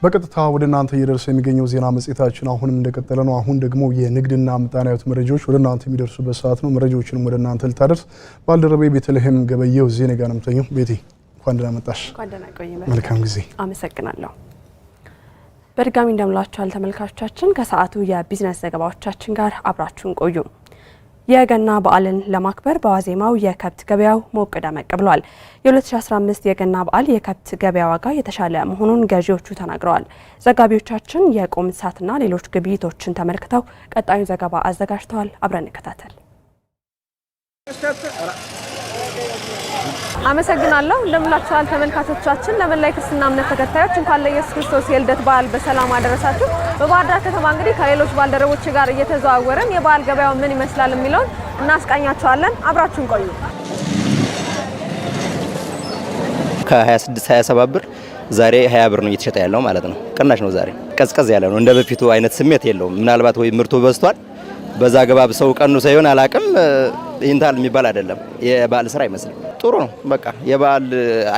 በቀጥታ ወደ እናንተ እየደርሰ የሚገኘው ዜና መጽሔታችን አሁንም እንደቀጠለ ነው። አሁን ደግሞ የንግድና ምጣኔ ሀብት መረጃዎች ወደ እናንተ የሚደርሱበት ሰዓት ነው። መረጃዎችንም ወደ እናንተ ልታደርስ ባልደረቤ ቤተልሔም ገበየው ዜና ጋር ነው የምትገኘው። ቤቴ እንኳን ደህና መጣሽ። መልካም ጊዜ። አመሰግናለሁ። በድጋሚ እንደምላችኋል ተመልካቾቻችን ከሰዓቱ የቢዝነስ ዘገባዎቻችን ጋር አብራችሁን ቆዩ። የገና በዓልን ለማክበር በዋዜማው የከብት ገበያው ሞቅ ደመቅ ብሏል። የ2015 የገና በዓል የከብት ገበያ ዋጋ የተሻለ መሆኑን ገዢዎቹ ተናግረዋል። ዘጋቢዎቻችን የቁም እንስሳትና ሌሎች ግብይቶችን ተመልክተው ቀጣዩን ዘገባ አዘጋጅተዋል። አብረን እንከታተል። አመሰግናለሁ። እንደምላችኋል ተመልካቾቻችን፣ ለመላው የክርስትና እምነት ተከታዮች እንኳን ለኢየሱስ ክርስቶስ የልደት በዓል በሰላም አደረሳችሁ። በባህር ዳር ከተማ እንግዲህ ከሌሎች ባልደረቦች ጋር እየተዘዋወርን የበዓል ገበያው ምን ይመስላል የሚለውን እናስቃኛችኋለን። አብራችሁን ቆዩ። ከ26 27 ብር ዛሬ 20 ብር ነው እየተሸጠ ያለው ማለት ነው። ቅናሽ ነው። ዛሬ ቀዝቀዝ ያለ ነው። እንደ በፊቱ አይነት ስሜት የለውም። ምናልባት ወይ ምርቱ በዝቷል፣ በዛ ገባብ ሰው ቀኑ ሳይሆን አላቅም ይንታል የሚባል አይደለም። የበዓል ስራ አይመስልም። ጥሩ ነው። በቃ የበዓል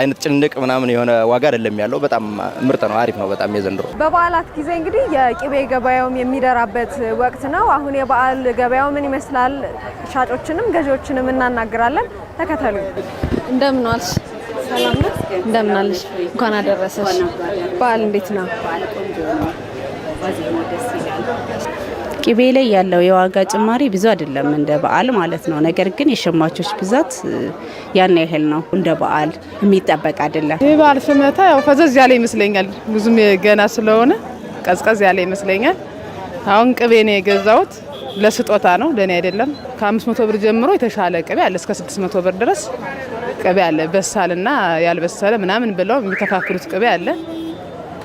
አይነት ጭንቅ ምናምን የሆነ ዋጋ አይደለም ያለው። በጣም ምርጥ ነው። አሪፍ ነው በጣም የዘንድሮ። በበዓላት ጊዜ እንግዲህ የቅቤ ገበያውም የሚደራበት ወቅት ነው። አሁን የበዓል ገበያው ምን ይመስላል? ሻጮችንም ገዢዎችንም እናናግራለን። ተከተሉ። እንደምን ዋልሽ? እንደምን አለሽ? እንኳን አደረሰሽ። በዓል እንዴት ነው? ቅቤ ላይ ያለው የዋጋ ጭማሪ ብዙ አይደለም እንደ በዓል ማለት ነው። ነገር ግን የሸማቾች ብዛት ያን ያህል ነው፣ እንደ በዓል የሚጠበቅ አይደለም። ይህ በዓል ሽመታ ያው ፈዘዝ ያለ ይመስለኛል፣ ብዙም ገና ስለሆነ ቀዝቀዝ ያለ ይመስለኛል። አሁን ቅቤ ነው የገዛሁት ለስጦታ ነው፣ ለእኔ አይደለም። ከ500 ብር ጀምሮ የተሻለ ቅቤ አለ፣ እስከ 600 ብር ድረስ ቅቤ አለ። በሳልና ያልበሰለ ምናምን ብለው የሚከፋፍሉት ቅቤ አለ።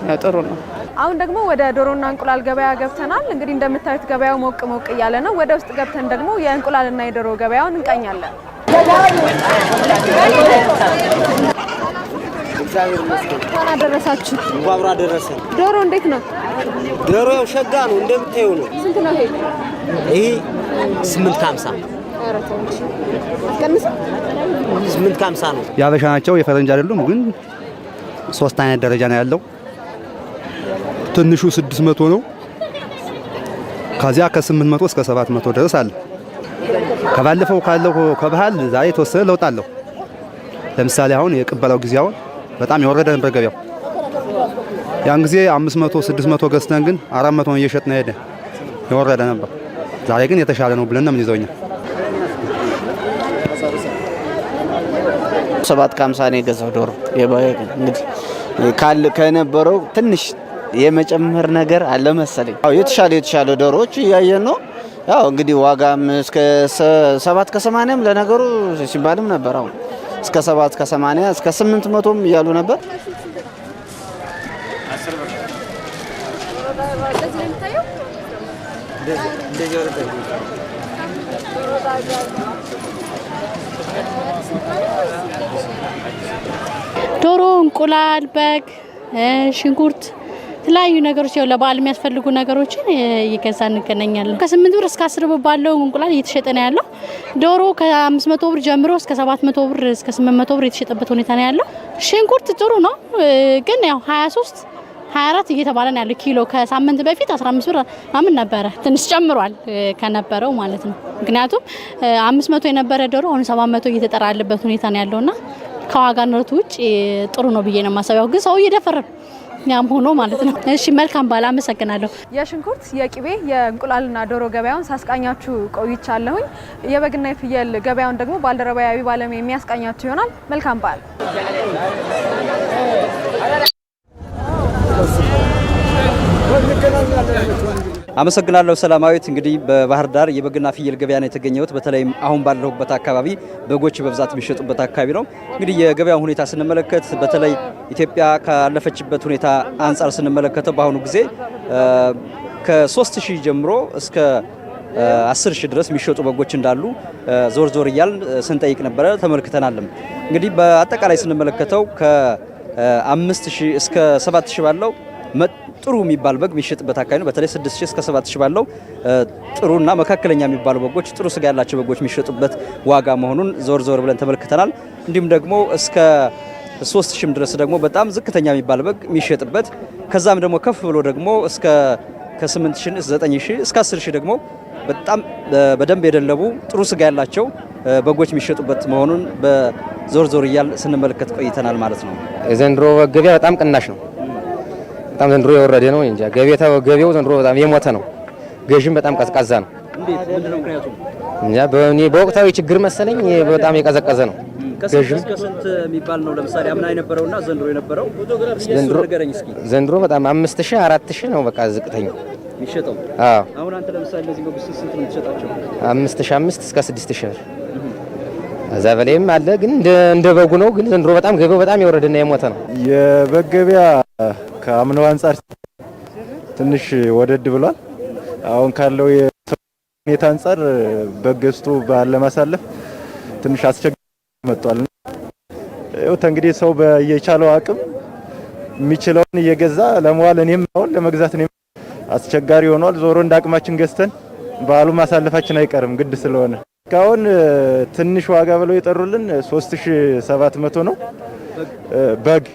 ያው ጥሩ ነው። አሁን ደግሞ ወደ ዶሮና እንቁላል ገበያ ገብተናል። እንግዲህ እንደምታዩት ገበያው ሞቅ ሞቅ እያለ ነው። ወደ ውስጥ ገብተን ደግሞ የእንቁላልና የዶሮ ገበያውን እንቃኛለን። እንኳን አደረሳችሁ። እንኳን አደረሰን። ዶሮ እንዴት ነው? ዶሮ ሸጋ ነው እንደምታዩ ነው። ስንት ነው ይሄ? ስምንት ከሀምሳ ስምንት ከሀምሳ ነው። የአበሻ ናቸው የፈረንጅ አይደሉም። ግን ሶስት አይነት ደረጃ ነው ያለው ትንሹ 600 ነው። ከዚያ ከ800 እስከ 700 ድረስ አለ። ከባለፈው ካለው ከባህል ዛሬ የተወሰነ ለውጥ አለው። ለምሳሌ አሁን የቅበላው ጊዜ አሁን በጣም የወረደ ነበር ገበያው። ያን ጊዜ 500 600 ገዝተን ግን 400 ነው እየሸጥን ሄደ የወረደ ነበር። ዛሬ ግን የተሻለ ነው ብለን ነው የምንይዘው እኛ። ሰባት ከሀምሳ ነው የገዛው ዶሮ እንግዲህ ከነበረው ትንሽ የመጨመር ነገር አለ መሰለኝ። የተሻለ የተሻለ ዶሮዎች እያየን ነው። ያው እንግዲህ ዋጋም እስከ ሰባት ከሰማንያም ለነገሩ ሲባልም ነበር። አሁን እስከ ሰባት 80 እስከ ስምንት መቶም እያሉ ነበር። ዶሮ፣ እንቁላል፣ በግ፣ ሽንኩርት የተለያዩ ነገሮች ያው ለበዓል የሚያስፈልጉ ነገሮችን እየገዛ እንገናኛለን። ከስምንት ብር እስከ አስር ብር ባለው እንቁላል እየተሸጠ ነው ያለው። ዶሮ ከአምስት መቶ ብር ጀምሮ እስከ ሰባት መቶ ብር እስከ ስምንት መቶ ብር የተሸጠበት ሁኔታ ነው ያለው። ሽንኩርት ጥሩ ነው ግን ያው ሀያ ሶስት 24 እየተባለ ነው ያለው ኪሎ። ከሳምንት በፊት አምስት ብር ምናምን ነበረ። ትንሽ ጨምሯል ከነበረው ማለት ነው። ምክንያቱም መቶ የነበረ ዶሮ አሁን መቶ እየተጠራ ያለበት ሁኔታ ነው ያለውና ከዋጋ ንረቱ ውጭ ጥሩ ነው ብዬ ነው የማሰቢያው። ግን ሰው እየደፈረ ያም ሆኖ ማለት ነው። እሺ መልካም ባላ አመሰግናለሁ። የሽንኩርት የቅቤ የእንቁላልና ዶሮ ገበያውን ሳስቃኛችሁ ቆይቻለሁኝ። የበግና የፍየል ገበያውን ደግሞ ባልደረባዊ ባለሙያ የሚያስቃኛችሁ ይሆናል። መልካም በዓል። አመሰግናለሁ ሰላማዊት። እንግዲህ በባህር ዳር የበግና ፍየል ገበያ ነው የተገኘሁት። በተለይም አሁን ባለሁበት አካባቢ በጎች በብዛት የሚሸጡበት አካባቢ ነው። እንግዲህ የገበያውን ሁኔታ ስንመለከት በተለይ ኢትዮጵያ ካለፈችበት ሁኔታ አንጻር ስንመለከተው በአሁኑ ጊዜ ከሶስት 3000 ጀምሮ እስከ 10000 ሺህ ድረስ የሚሸጡ በጎች እንዳሉ ዞር ዞር እያልን ስንጠይቅ ነበረ፣ ተመልክተናልም። እንግዲህ በአጠቃላይ ስንመለከተው ከ5000 እስከ 7000 ባለው ጥሩ የሚባል በግ የሚሸጥበት አካባቢ ነው። በተለይ 6000 እስከ 7000 ባለው ጥሩና መካከለኛ የሚባሉ በጎች፣ ጥሩ ስጋ ያላቸው በጎች የሚሸጡበት ዋጋ መሆኑን ዞር ዞር ብለን ተመልክተናል። እንዲሁም ደግሞ እስከ ሶስት ድረስ ደግሞ በጣም ዝቅተኛ የሚባል በግ የሚሸጥበት ከዛም ደግሞ ከፍ ብሎ ደግሞ እስከ ከ8 ሺህ እስከ 10 ደግሞ በጣም በደንብ የደለቡ ጥሩ ስጋ ያላቸው በጎች የሚሸጡበት መሆኑን በዞር ዞር እያል ስንመለከት ቆይተናል ማለት ነው። የዘንድሮ ገበያ በጣም ቅናሽ ነው። በጣም ዘንድሮ የወረደ ነው እንጂ ገበያው ዘንድሮ በጣም የሞተ ነው። ገዥም በጣም ቀዝቃዛ ነው። እንዴ በእኔ በወቅታዊ ችግር መሰለኝ በጣም የቀዘቀዘ ነው። ገዥም ከስንት የሚባል ነው? ለምሳሌ አምና የነበረውና ዘንድሮ የነበረው ዘንድሮ እስኪ። ዘንድሮ በጣም 5000 4000 ነው። በቃ ዝቅተኛው የሚሸጠው አዎ። አሁን አንተ ለምሳሌ ለዚህ ነው ስንት ነው የምትሸጣቸው? አምስት እስከ 6000 ብር እዛ በላይም አለ። ግን እንደ በጉ ነው። ግን ዘንድሮ በጣም ገበያው በጣም የወረደና የሞተ ነው የበግ ገበያ ከአምኖ አንጻር ትንሽ ወደድ ብሏል። አሁን ካለው ሁኔታ አንጻር በገዝቶ ባለማሳለፍ ትንሽ አስቸጋሪ መጥቷል። ይኸው እንግዲህ ሰው በየቻለው አቅም የሚችለውን እየገዛ ለመዋል እኔም አሁን ለመግዛት ነው አስቸጋሪ ሆኗል። ዞሮ እንደ አቅማችን ገዝተን በዓሉ ማሳለፋችን አይቀርም ግድ ስለሆነ እስካሁን ትንሽ ዋጋ ብለው የጠሩልን 3700 ነው በግ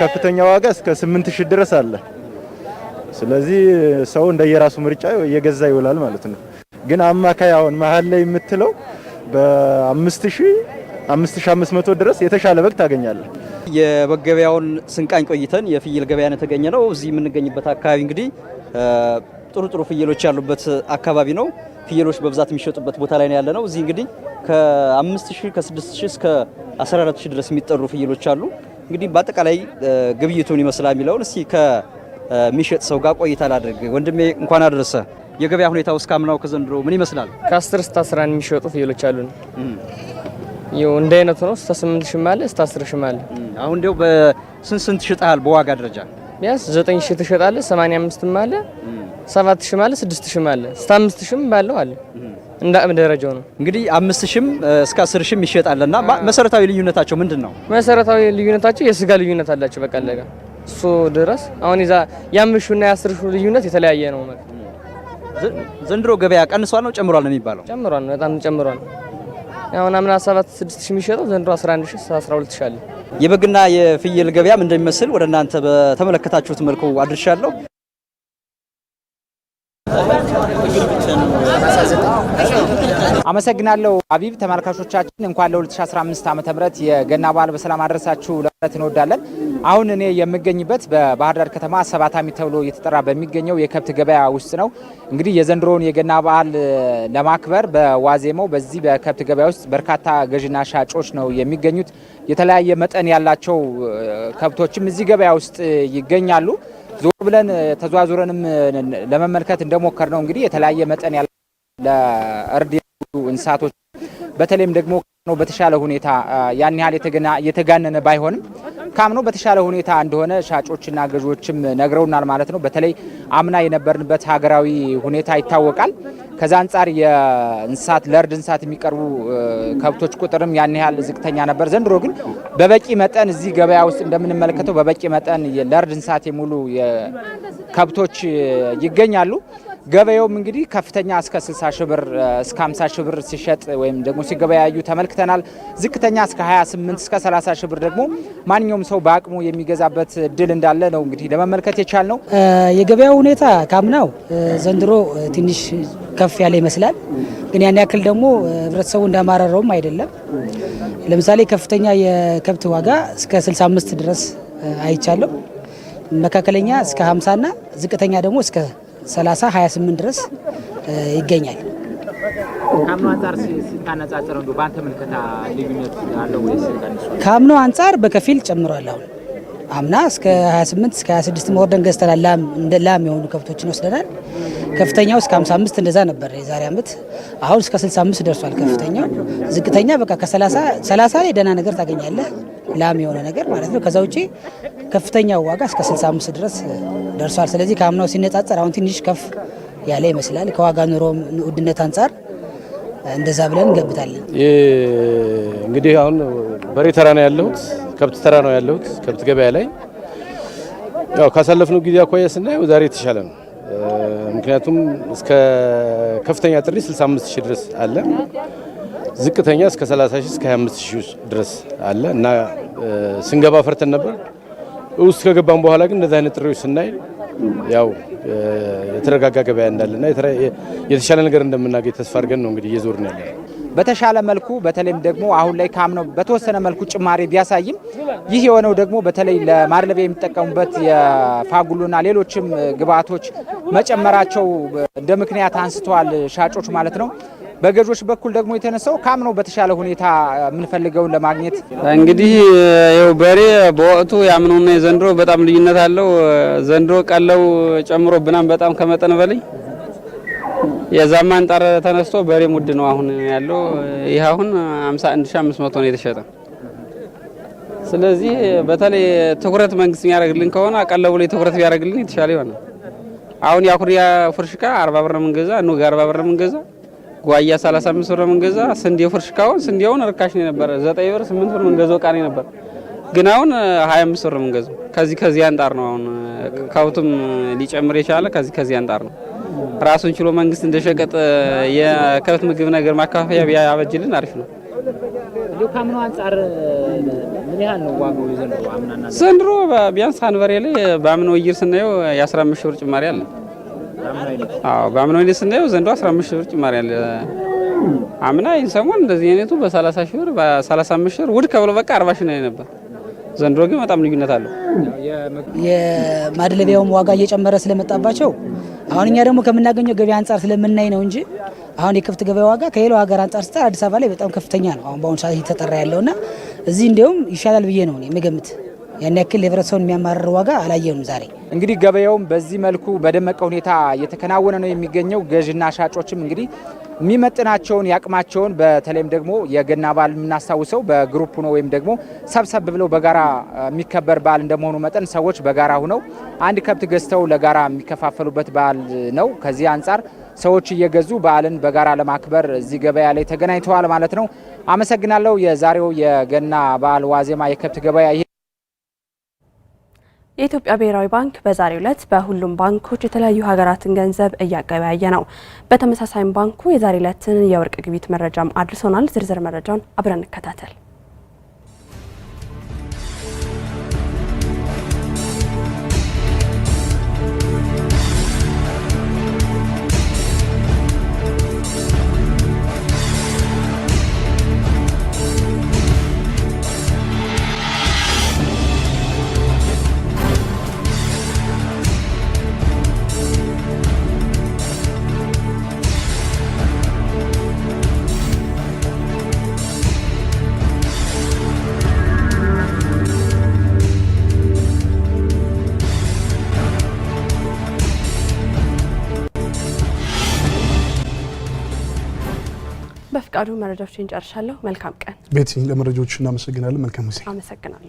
ከፍተኛ ዋጋ እስከ 8000 ድረስ አለ። ስለዚህ ሰው እንደየራሱ ምርጫ እየገዛ ይውላል ማለት ነው። ግን አማካይ አሁን መሀል ላይ የምትለው በ5000 5500 ድረስ የተሻለ በግ ታገኛለህ። የበገበያውን ስንቃኝ ቆይተን የፍየል ገበያን የተገኘ ነው። እዚህ የምንገኝበት አካባቢ እንግዲህ ጥሩ ጥሩ ፍየሎች ያሉበት አካባቢ ነው። ፍየሎች በብዛት የሚሸጡበት ቦታ ላይ ነው ያለ ነው። እዚህ እንግዲህ ከ5000 ከ6000 እስከ 14000 ድረስ የሚጠሩ ፍየሎች አሉ። እንግዲህ በአጠቃላይ ግብይቱን ይመስላል የሚለውን እስቲ ከሚሸጥ ሰው ጋር ቆይታ ላድርግ። ወንድሜ እንኳን አደረሰ። የገበያ ሁኔታ ውስጥ ካምናው ከዘንድሮ ምን ይመስላል? ከ10 እስከ 11 የሚሸጡ ፍየሎች አሉ ነው ይኸው እንደ አይነቱ ነው። እስከ 8 ሽም አለ እስከ 10 ሽም አለ። አሁን እንደው በስንት ስንት ትሸጣለህ? በዋጋ ደረጃ ቢያንስ 9 ሺህ ትሸጣለህ፣ 85 አለ፣ 7 ሽም አለ፣ 6 ሽም አለ፣ እስከ 5 ሽም ባለው አለ። እንደ አቅም ደረጃው ነው እንግዲህ አምስት ሺህም እስከ አስር ሺህም ይሸጣል መሰረታዊ ልዩነታቸው ምንድን ነው? መሰረታዊ ልዩነታቸው የስጋ ልዩነት አላቸው። በቃ ለጋ እሱ ድረስ አሁን ዛ የአምስት እና የአስር ልዩነት የተለያየ ነው። ዘንድሮ ገበያ ቀንሷል ነው ጨምሯል ነው የሚባለው? ጨምሯል ነው በጣም ጨምሯል። አሁን አምና 7 6 ሺህ የሚሸጠው ዘንድሮ 11 ሺህ 12 ሺህ አለ። የበግና የፍየል ገበያም እንደሚመስል ወደ እናንተ በተመለከታችሁት መልኩ አድርሻለሁ። አመሰግናለሁ አቢብ። ተመልካቾቻችን እንኳን ለ2015 ዓ ም የገና በዓል በሰላም አድረሳችሁ ለማለት እንወዳለን። አሁን እኔ የምገኝበት በባህር ዳር ከተማ ሰባታሚ ተብሎ እየተጠራ በሚገኘው የከብት ገበያ ውስጥ ነው። እንግዲህ የዘንድሮውን የገና በዓል ለማክበር በዋዜማው በዚህ በከብት ገበያ ውስጥ በርካታ ገዥና ሻጮች ነው የሚገኙት። የተለያየ መጠን ያላቸው ከብቶችም እዚህ ገበያ ውስጥ ይገኛሉ። ዞር ብለን ተዘዋዙረንም ለመመልከት እንደሞከር ነው እንግዲህ የተለያየ መጠን ለእርድ እንስሳቶች በተለይም ደግሞ ካምኖ በተሻለ ሁኔታ ያን ያህል የተጋነነ ባይሆንም ካምኖ በተሻለ ሁኔታ እንደሆነ ሻጮችና ገዢዎችም ነግረውናል ማለት ነው። በተለይ አምና የነበርንበት ሀገራዊ ሁኔታ ይታወቃል። ከዛ አንጻር የእንስሳት ለእርድ እንስሳት የሚቀርቡ ከብቶች ቁጥርም ያን ያህል ዝቅተኛ ነበር። ዘንድሮ ግን በበቂ መጠን እዚህ ገበያ ውስጥ እንደምንመለከተው በበቂ መጠን ለእርድ እንስሳት የሙሉ ከብቶች ይገኛሉ። ገበያውም እንግዲህ ከፍተኛ እስከ 60 ሺህ ብር እስከ 50 ሺህ ብር ሲሸጥ ወይም ደግሞ ሲገበያዩ ተመልክተናል። ዝቅተኛ እስከ 28 እስከ 30 ሺህ ብር ደግሞ ማንኛውም ሰው በአቅሙ የሚገዛበት እድል እንዳለ ነው እንግዲህ ለመመልከት ነው። የገበያው ሁኔታ ካምናው ዘንድሮ ትንሽ ከፍ ያለ ይመስላል። ግን ያን ያክል ደግሞ ህብረተሰቡ እንዳማረረውም አይደለም። ለምሳሌ ከፍተኛ የከብት ዋጋ እስከ 65 ድረስ አይቻለሁ። መካከለኛ እስከ 50 እና ዝቅተኛ ደግሞ እስከ 30 28 ድረስ ይገኛል። ከአምኖ አንጻር በከፊል ጨምሯል። አሁን አምና እስከ 28 እስከ 26 መወርደን ገዝተናል። ላም የሆኑ ከብቶችን ወስደናል። ከፍተኛው እስከ 55 እንደዛ ነበር የዛሬ ዓመት። አሁን እስከ 65 ደርሷል ከፍተኛው። ዝቅተኛ በቃ ከ30 30 የደህና ነገር ታገኛለህ ላም የሆነ ነገር ማለት ነው። ከዛ ውጪ ከፍተኛው ዋጋ እስከ 65 ድረስ ደርሷል። ስለዚህ ከአምናው ሲነጻጸር አሁን ትንሽ ከፍ ያለ ይመስላል። ከዋጋ ኑሮ ውድነት አንጻር እንደዛ ብለን እንገምታለን። እንግዲህ አሁን በሬ ተራ ነው ያለሁት፣ ከብት ተራ ነው ያለሁት። ከብት ገበያ ላይ ያው ካሳለፍነው ጊዜ አኳያ ስናየው ዛሬ የተሻለ ነው። ምክንያቱም እስከ ከፍተኛ ጥሪ 65 ሺህ ድረስ አለ፣ ዝቅተኛ እስከ 30 ሺህ እስከ 25 ሺህ ድረስ አለ እና ስንገባ ፈርተን ነበር ውስጥ ከገባን በኋላ ግን እንደዚህ አይነት ጥሪዎች ስናይ ያው የተረጋጋ ገበያ እንዳለና የተሻለ ነገር እንደምናገኝ ተስፋ አድርገን ነው እንግዲህ እየዞርን ያለ በተሻለ መልኩ በተለይም ደግሞ አሁን ላይ ካምነው በተወሰነ መልኩ ጭማሪ ቢያሳይም ይህ የሆነው ደግሞ በተለይ ለማድለቢያ የሚጠቀሙበት የፋጉሉና ሌሎችም ግብዓቶች መጨመራቸው እንደ ምክንያት አንስተዋል ሻጮች ማለት ነው። በገዦች በኩል ደግሞ የተነሳው ካምነው በተሻለ ሁኔታ የምንፈልገውን ለማግኘት እንግዲህ ይኸው በሬ በወቅቱ ያምነውና የዘንድሮ በጣም ልዩነት አለው። ዘንድሮ ቀለው ጨምሮ ብናም በጣም ከመጠን በላይ የዛማ አንጣር ተነስቶ በሬ ውድ ነው አሁን ያለው። ይህ አሁን 51500 ነው የተሸጠ። ስለዚህ በተለይ ትኩረት መንግስት የሚያደርግልን ከሆነ ቀለቡ ላይ ትኩረት ቢያደርግልን የተሻለ ይሆናል። አሁን የአኩሪ ፍርሽካ 40 ብር ነው የምንገዛ ኑግ 40 ብር ነው የምንገዛ ጓያ 35 ብር የምንገዛ ስንዴ ፍርሽ ካሁን ስንዴውን ርካሽ ነው የነበረ 9 ብር 8 ብር ምንገዛው ቃኔ ነበር። ግን አሁን 25 ብር ምንገዛው ከዚህ ከዚህ አንጣር ነው። አሁን ከብቱም ሊጨምር የቻለ ከዚህ ከዚህ አንጣር ነው። ራሱን ችሎ መንግስት እንደሸቀጥ የከብት ምግብ ነገር ማከፋፈያ ቢያበጅልን አሪፍ ነው። ከአምናው አንጻር ምን ያህል ነው ዋጋው? ዘንድሮ ቢያንስ አንበሬ ላይ በአምናው እይር ስናየው የ15 ብር ጭማሪ አለ። አዎ በአምናው ኔ ስናየው ዘንዶ 15 ሺህ ብር ጭማሪ አለ። አምና ይህን ሰሞን እንደዚህ አይነቱ በ30 ሺህ ብር በ35 ሺህ ብር ውድ ከብሎ በቃ 40 ሺህ ነው ነበር። ዘንድሮ ግን በጣም ልዩነት አለው። የማድለቢያውም ዋጋ እየጨመረ ስለመጣባቸው አሁን እኛ ደግሞ ከምናገኘው ገበያ አንጻር ስለምናይ ነው እንጂ አሁን የክፍት ገበያ ዋጋ ከሌላው ሀገር አንጻር ስታር አዲስ አበባ ላይ በጣም ከፍተኛ ነው። አሁን በአሁኑ ሰዓት እየተጠራ ያለውና እዚህ እንዲያውም ይሻላል ብዬ ነው እኔ የምገምት። ያን ያክል ህብረተሰቡን የሚያማርር ዋጋ አላየንም። ዛሬ እንግዲህ ገበያውም በዚህ መልኩ በደመቀ ሁኔታ እየተከናወነ ነው የሚገኘው። ገዥና ሻጮችም እንግዲህ የሚመጥናቸውን የአቅማቸውን በተለይም ደግሞ የገና በዓል የምናስታውሰው በግሩፕ ነው ወይም ደግሞ ሰብሰብ ብለው በጋራ የሚከበር በዓል እንደመሆኑ መጠን ሰዎች በጋራ ሁነው አንድ ከብት ገዝተው ለጋራ የሚከፋፈሉበት በዓል ነው። ከዚህ አንጻር ሰዎች እየገዙ በዓልን በጋራ ለማክበር እዚህ ገበያ ላይ ተገናኝተዋል ማለት ነው። አመሰግናለሁ። የዛሬው የገና በዓል ዋዜማ የከብት ገበያ የኢትዮጵያ ብሔራዊ ባንክ በዛሬው ዕለት በሁሉም ባንኮች የተለያዩ ሀገራትን ገንዘብ እያገበያየ ነው። በተመሳሳይም ባንኩ የዛሬ ዕለትን የወርቅ ግብይት መረጃም አድርሶናል። ዝርዝር መረጃውን አብረን እንከታተል። ፈቃዱ መረጃዎችን ጨርሻለሁ። መልካም ቀን ቤት ለመረጃዎች እናመሰግናለን። መልካም ጊዜ። አመሰግናለሁ።